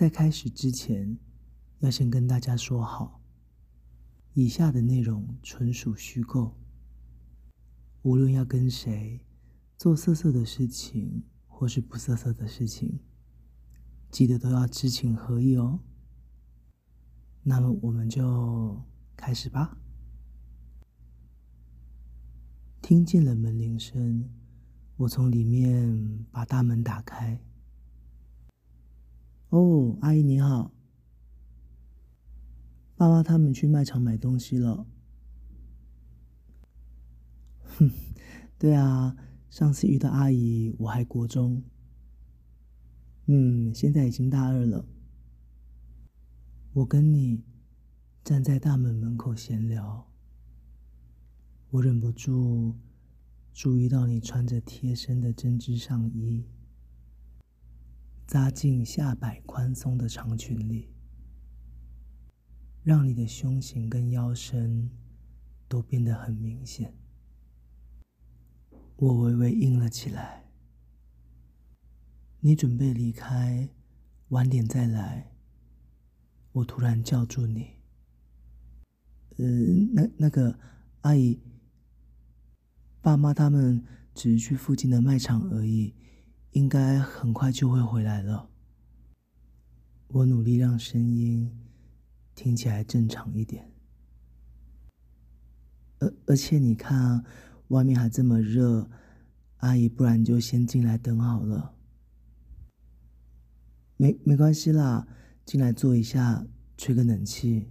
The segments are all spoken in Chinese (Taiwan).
在開始之前，要先跟大家說好，以下的內容純屬虛構。無論要跟誰做色色的事情，或是不色色的事情，記得都要知情合意哦。那麼，我們就開始吧。聽見了門鈴聲，我從裡面把大門打開。哦，oh, 阿姨你好。爸媽他們去賣場買東西了。哼， 對啊，上次遇到阿姨，我還國中，嗯，現在已經大二了。我跟你站在大門門口閒聊，我忍不住注意到你穿着貼身的針織上衣。扎進下擺寬鬆的長裙裡，讓你的胸型跟腰身都變得很明顯。我微微硬了起來。你準備離開，晚點再來。我突然叫住你：“呃，那那個阿姨，爸媽他們只是去附近的賣場而已。”應該很快就會回來了。我努力讓聲音聽起來正常一點。而而且你看，外面還這麼熱，阿姨，不然就先進來等好了。沒沒關係啦，進來坐一下，吹個冷氣。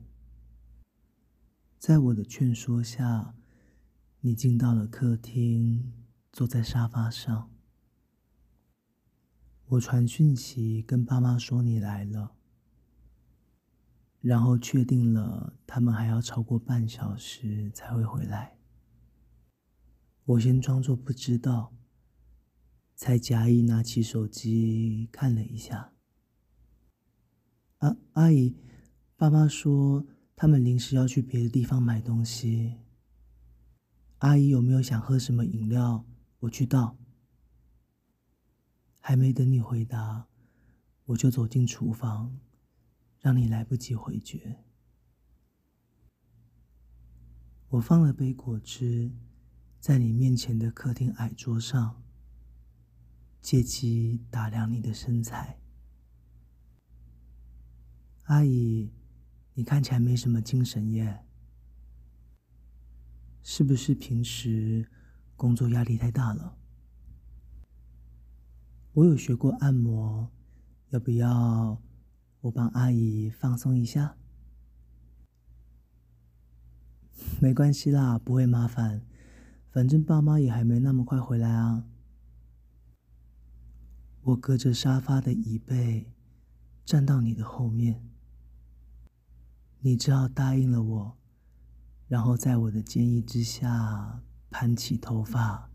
在我的勸說下，你進到了客廳，坐在沙發上。我傳訊息跟爸媽說你來了，然後確定了他們還要超過半小時才會回來。我先裝作不知道，才假意拿起手機看了一下。阿、啊、阿姨，爸媽說他們臨時要去別的地方買東西。阿姨有沒有想喝什麼飲料？我去倒。還沒等你回答，我就走進廚房，讓你來不及回絕。我放了杯果汁，在你面前的客廳矮桌上，借機打量你的身材。阿姨，你看起來沒什麼精神耶，是不是平時工作壓力太大了？我有學過按摩，要不要我幫阿姨放鬆一下？ 沒關係啦，不會麻煩，反正爸媽也還沒那麼快回來啊。我隔着沙發的椅背站到你的後面，你只好答應了我，然後在我的建議之下盤起頭髮，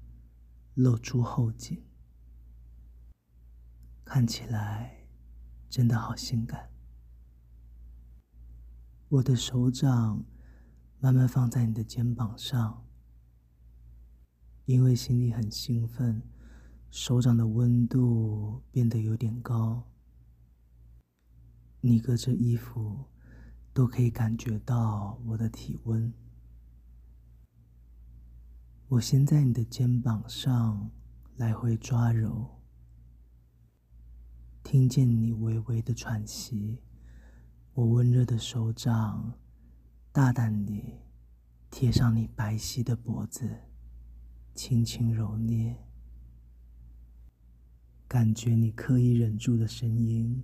露出後頸。看起來真的好性感。我的手掌慢慢放在你的肩膀上，因為心裡很興奮，手掌的溫度變得有點高。你隔着衣服都可以感覺到我的體溫。我先在你的肩膀上來回抓揉。聽見你微微的喘息，我溫熱的手掌大膽地貼上你白皙的脖子，輕輕揉捏，感覺你刻意忍住的聲音，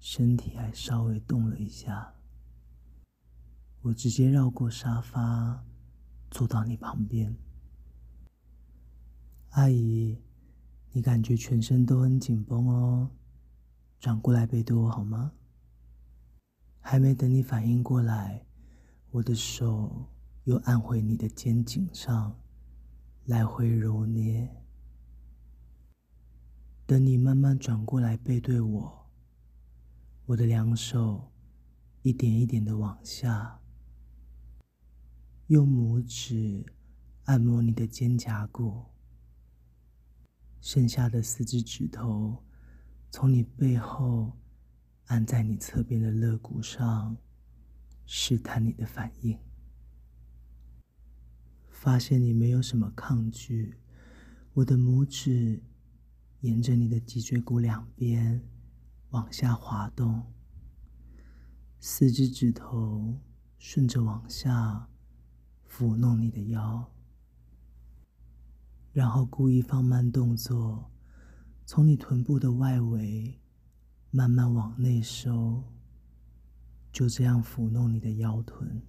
身體還稍微動了一下。我直接繞過沙發，坐到你旁邊。阿姨，你感覺全身都很緊繃哦。轉過來背對我好嗎？還沒等你反應過來，我的手又按回你的肩頸上，來回揉捏。等你慢慢轉過來背對我，我的兩手一點一點的往下，用拇指按摩你的肩胛骨，剩下的四隻指頭。從你背後按在你側邊的肋骨上，試探你的反應，發現你沒有什麼抗拒。我的拇指沿着你的脊椎骨兩邊往下滑動，四只指頭順着往下撫弄你的腰，然後故意放慢動作。從你臀部的外圍慢慢往內收，就這樣撫弄你的腰臀。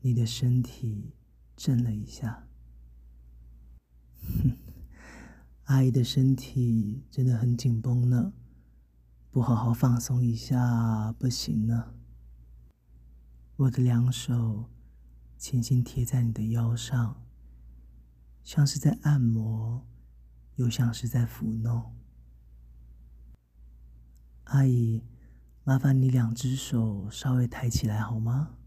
你的身體震了一下。哼， 阿姨的身體真的很緊繃呢，不好好放鬆一下不行呢。我的兩手輕輕貼在你的腰上，像是在按摩。又像是在撫弄。阿姨，麻煩你兩隻手稍微抬起來好嗎？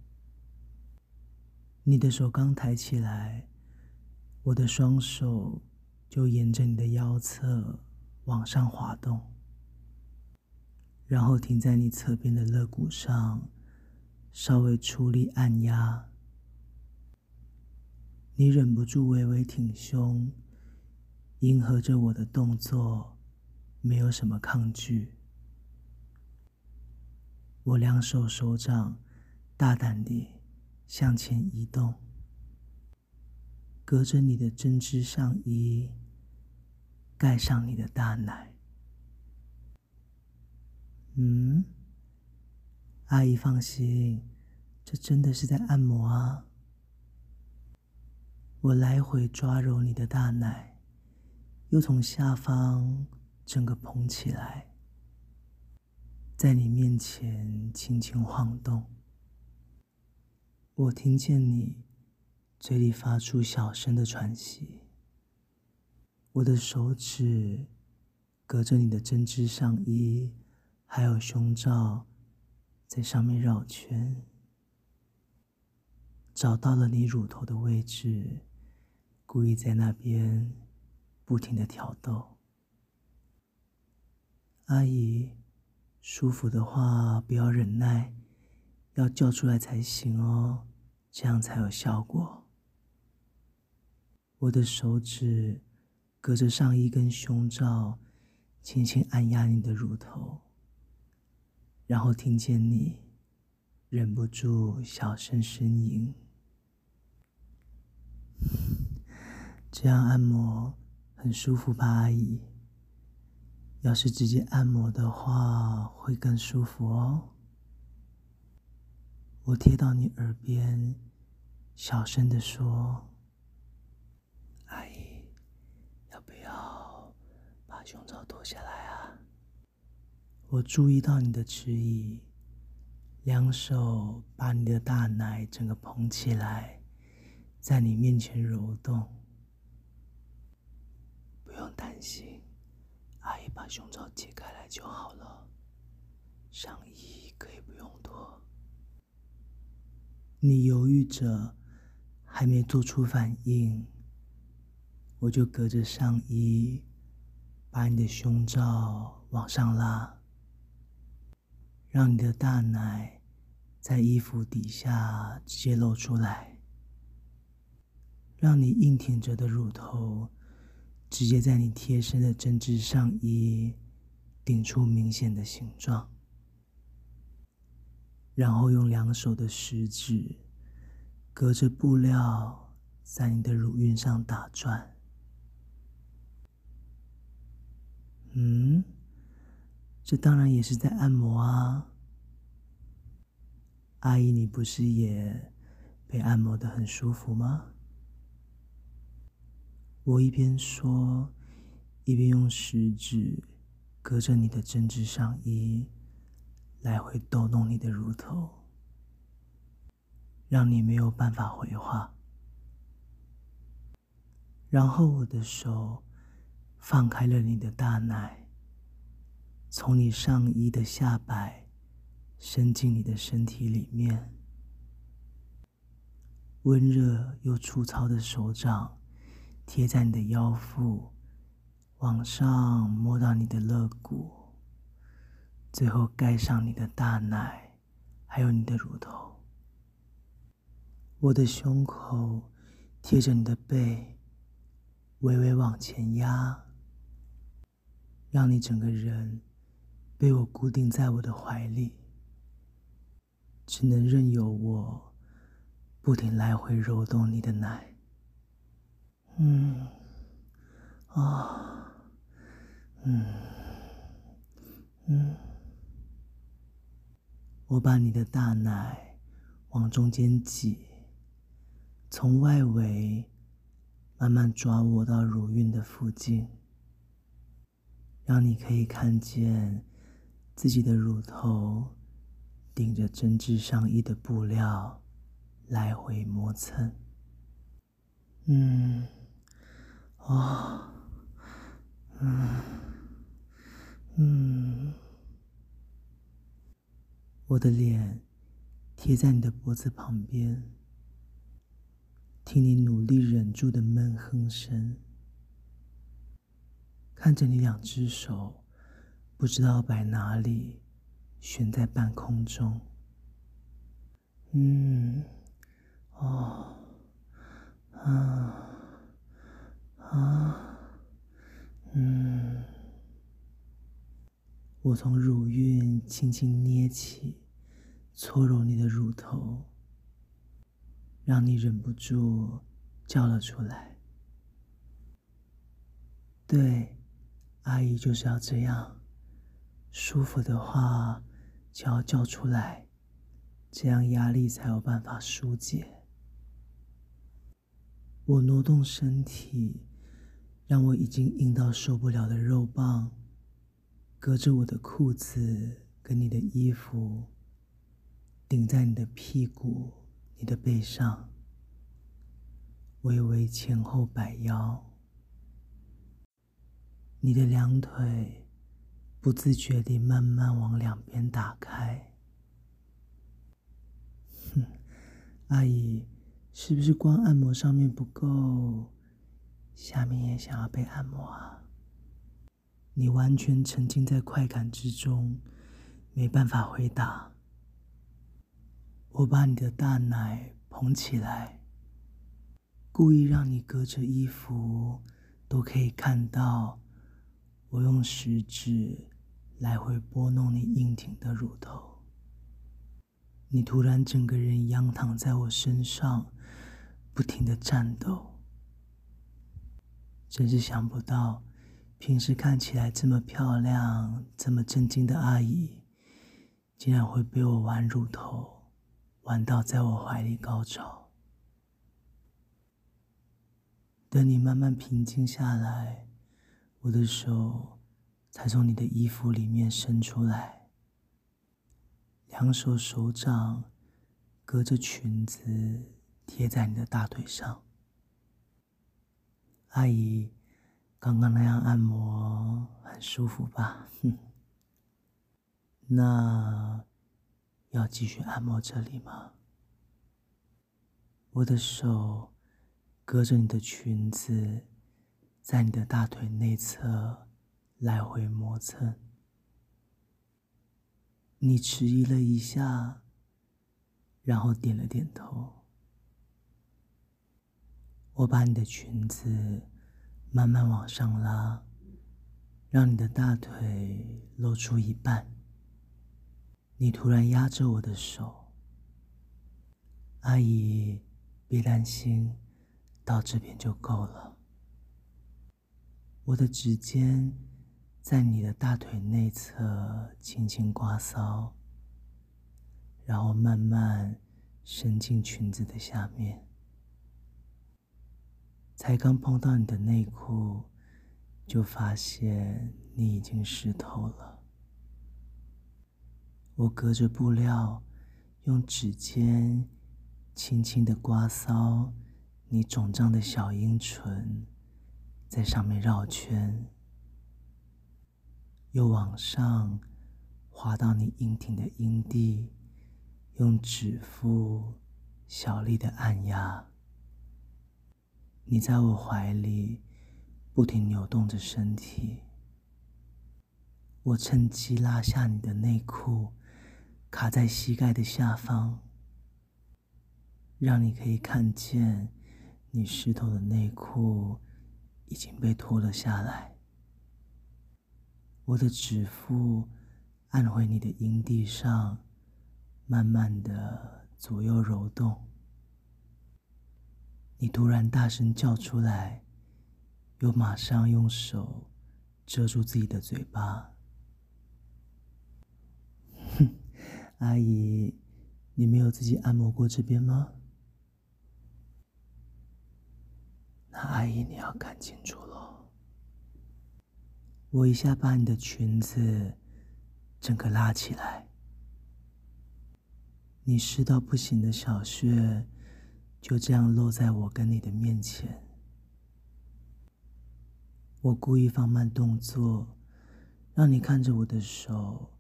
你的手剛抬起來，我的雙手就沿着你的腰側往上滑動，然後停在你側邊的肋骨上，稍微出力按壓。你忍不住微微挺胸。迎合着我的動作，沒有什麼抗拒。我兩手手掌大膽地向前移動，隔着你的針織上衣，蓋上你的大奶。嗯？阿姨放心，這真的是在按摩啊。我來回抓揉你的大奶。又從下方整個捧起來，在你面前輕輕晃動。我聽見你嘴裡發出小聲的喘息。我的手指隔着你的針織上衣，還有胸罩，在上面繞圈，找到了你乳頭的位置，故意在那邊。不停的挑逗，阿姨，舒服的話不要忍耐，要叫出來才行哦，這樣才有效果。我的手指隔着上衣跟胸罩，輕輕按壓你的乳頭，然後聽見你忍不住小聲呻吟， 這樣按摩。很舒服吧，阿姨？要是直接按摩的話，會更舒服哦。我貼到你耳邊，小聲地說：“阿姨，要不要把胸罩脫下來啊？”我注意到你的遲疑，兩手把你的大奶整個捧起來，在你面前揉動。行，阿姨把胸罩解開來就好了，上衣可以不用脫。你猶豫着，還沒做出反應，我就隔着上衣把你的胸罩往上拉，讓你的大奶在衣服底下直接露出來，讓你硬挺着的乳頭。直接在你貼身的針織上衣頂出明顯的形狀，然後用兩手的食指隔着布料在你的乳暈上打轉。嗯，這當然也是在按摩啊。阿姨，你不是也被按摩得很舒服嗎？我一邊說，一邊用食指隔着你的針織上衣，來回逗弄你的乳頭，讓你沒有辦法回話。然後我的手放開了你的大奶，從你上衣的下擺伸進你的身體裡面，溫熱又粗糙的手掌。貼在你的腰腹，往上摸到你的肋骨，最後蓋上你的大奶，還有你的乳頭。我的胸口貼着你的背，微微往前壓，讓你整個人被我固定在我的懷裡，只能任由我不停來回揉動你的奶。嗯，啊、哦，嗯嗯，我把你的大奶往中間擠，從外圍慢慢抓握到乳暈的附近，讓你可以看見自己的乳頭頂着針織上衣的布料來回磨蹭，嗯。哦，嗯嗯，我的臉貼在你的脖子旁邊，聽你努力忍住的悶哼聲，看着你兩只手不知道擺哪裡，懸在半空中。嗯，哦，啊。啊，嗯，我從乳暈輕輕捏起，搓揉你的乳頭，讓你忍不住叫了出來。對，阿姨就是要這樣，舒服的話就要叫出來，這樣壓力才有辦法疏解。我挪動身體。讓我已經硬到受不了的肉棒，隔着我的褲子跟你的衣服，頂在你的屁股、你的背上，微微前後擺腰。你的兩腿不自覺地慢慢往兩邊打開。哼，阿姨，是不是光按摩上面不夠？下面也想要被按摩啊！你完全沉浸在快感之中，沒辦法回答。我把你的大奶捧起來，故意讓你隔着衣服都可以看到。我用食指來回撥弄你硬挺的乳頭。你突然整個人仰躺在我身上，不停的顫抖。真是想不到，平時看起來這麼漂亮、這麼正經的阿姨，竟然會被我玩乳頭，玩到在我懷裡高潮。等你慢慢平靜下來，我的手才從你的衣服裡面伸出來，兩手手掌隔着裙子貼在你的大腿上。阿姨，剛剛那樣按摩很舒服吧？ 那要繼續按摩這裡嗎？我的手隔着你的裙子，在你的大腿內側來回磨蹭。你遲疑了一下，然後點了點頭。我把你的裙子慢慢往上拉，讓你的大腿露出一半。你突然壓着我的手，阿姨，別擔心，到這邊就夠了。我的指尖在你的大腿內側輕輕刮搔，然後慢慢伸進裙子的下面。才剛碰到你的內褲，就發現你已經濕透了。我隔着布料，用指尖輕輕的刮搔你腫脹的小陰唇，在上面繞圈，又往上滑到你硬挺的陰蒂，用指腹小力的按壓。你在我懷裡不停扭動着身體，我趁機拉下你的內褲，卡在膝蓋的下方，讓你可以看見你濕透的內褲已經被脫了下來。我的指腹按回你的陰蒂上，慢慢的左右揉動。你突然大聲叫出來，又馬上用手遮住自己的嘴巴。哼， 阿姨，你沒有自己按摩過這邊嗎？那阿姨你要看清楚嘍，我一下把你的裙子整個拉起來，你濕到不行的小穴，就這樣落在我跟你的面前。我故意放慢動作，讓你看着我的手，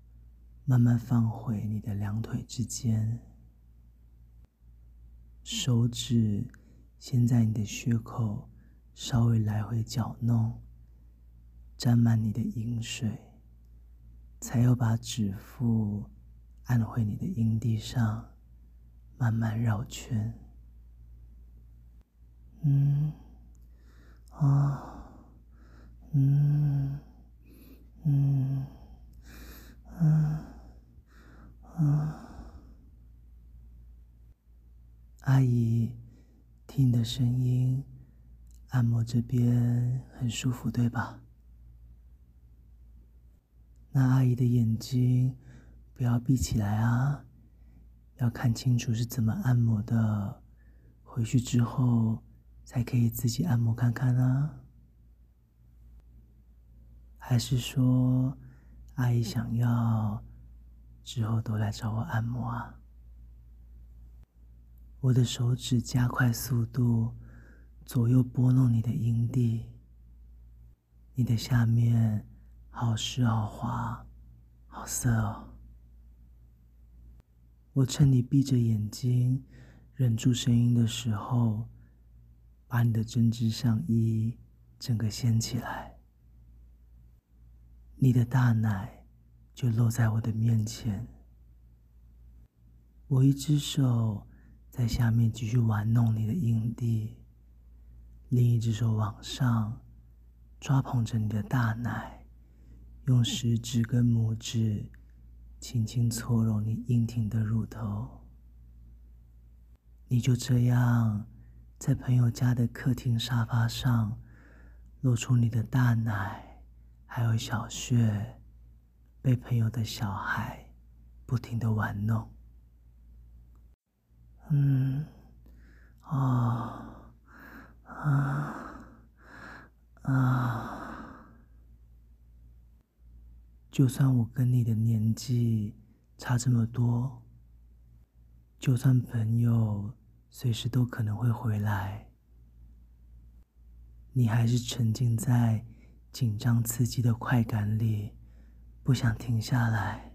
慢慢放回你的兩腿之間。手指先在你的穴口稍微來回攪弄，沾滿你的淫水，才要把指腹按回你的陰蒂上，慢慢繞圈。嗯啊嗯嗯嗯啊，啊，阿姨，聽你的聲音，按摩這邊很舒服，對吧？那阿姨的眼睛不要閉起來啊，要看清楚是怎麼按摩的，回去之後。才可以自己按摩看看呢，啊？還是說，阿姨想要之後都來找我按摩啊？我的手指加快速度，左右撥弄你的陰蒂，你的下面好濕好滑，好色哦。我趁你閉着眼睛，忍住聲音的時候。把你的針織上衣整個掀起來，你的大奶就落在我的面前。我一隻手在下面繼續玩弄你的陰蒂，另一隻手往上抓捧着你的大奶，用食指跟拇指輕輕搓揉你硬挺的乳頭。你就這樣。在朋友家的客廳沙發上，露出你的大奶，還有小穴，被朋友的小孩不停的玩弄。嗯，啊、哦，啊，啊，就算我跟你的年紀差這麼多，就算朋友。隨時都可能會回來，你還是沉浸在緊張刺激的快感裡，不想停下來，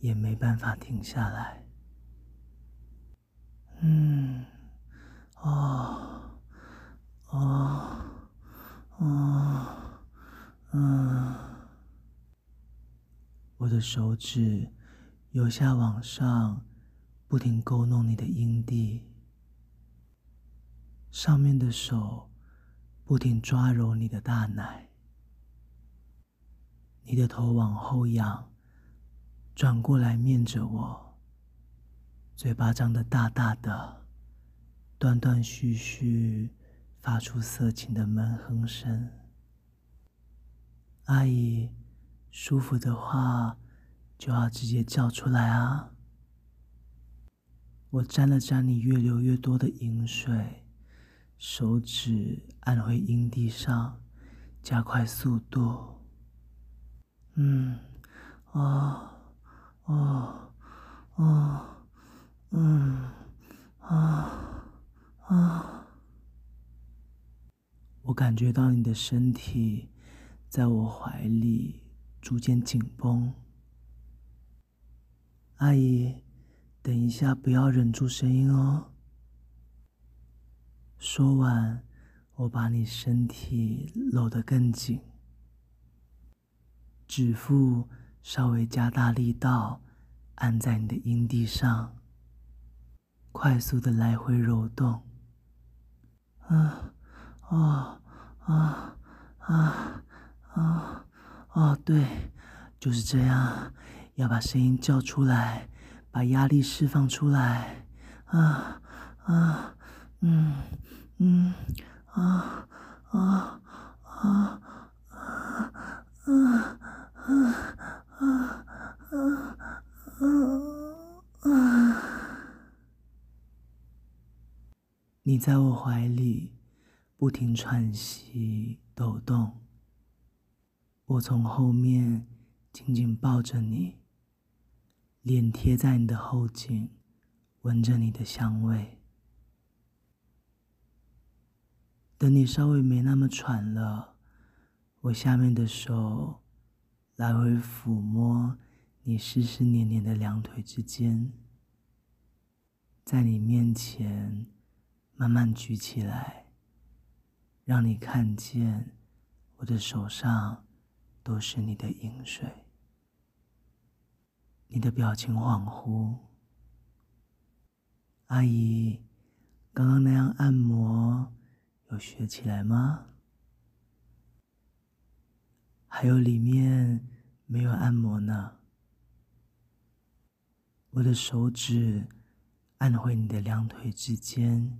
也沒辦法停下來。嗯，哦，哦，哦，嗯，我的手指由下往上。不停勾弄你的陰蒂，上面的手不停抓揉你的大奶，你的頭往後仰，轉過來面着我，嘴巴張得大大的，斷斷續續發出色情的悶哼聲。阿姨，舒服的話就要直接叫出來啊。我沾了沾你越流越多的淫水，手指按回陰蒂上，加快速度。嗯，啊、哦，啊、哦，啊、哦，嗯，啊、哦，啊、哦。我感覺到你的身體在我懷裡逐漸緊繃。阿姨。等一下，不要忍住聲音哦。說完，我把你身體摟得更緊，指腹稍微加大力道，按在你的陰蒂上，快速的來回揉動。啊，哦，啊，啊，啊，哦，對，就是這樣，要把聲音叫出來。把壓力釋放出來啊，啊啊，嗯嗯，啊啊啊啊啊啊啊啊！啊啊啊，啊，啊，啊，啊。你在我懷裡，不停喘息、抖動，我從後面緊緊抱着你。臉貼在你的後頸，聞着你的香味。等你稍微沒那麼喘了，我下面的手來回撫摸你濕濕黏黏的兩腿之間，在你面前慢慢舉起來，讓你看見我的手上都是你的淫水。你的表情恍惚，阿姨，剛剛那樣按摩有學起來嗎？還有裡面沒有按摩呢。我的手指按回你的兩腿之間，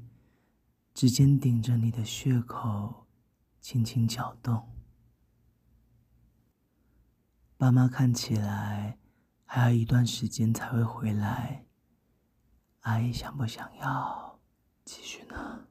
指尖頂着你的穴口，輕輕攪動。爸媽看起來還有一段時間才會回來，阿姨想不想要繼續呢？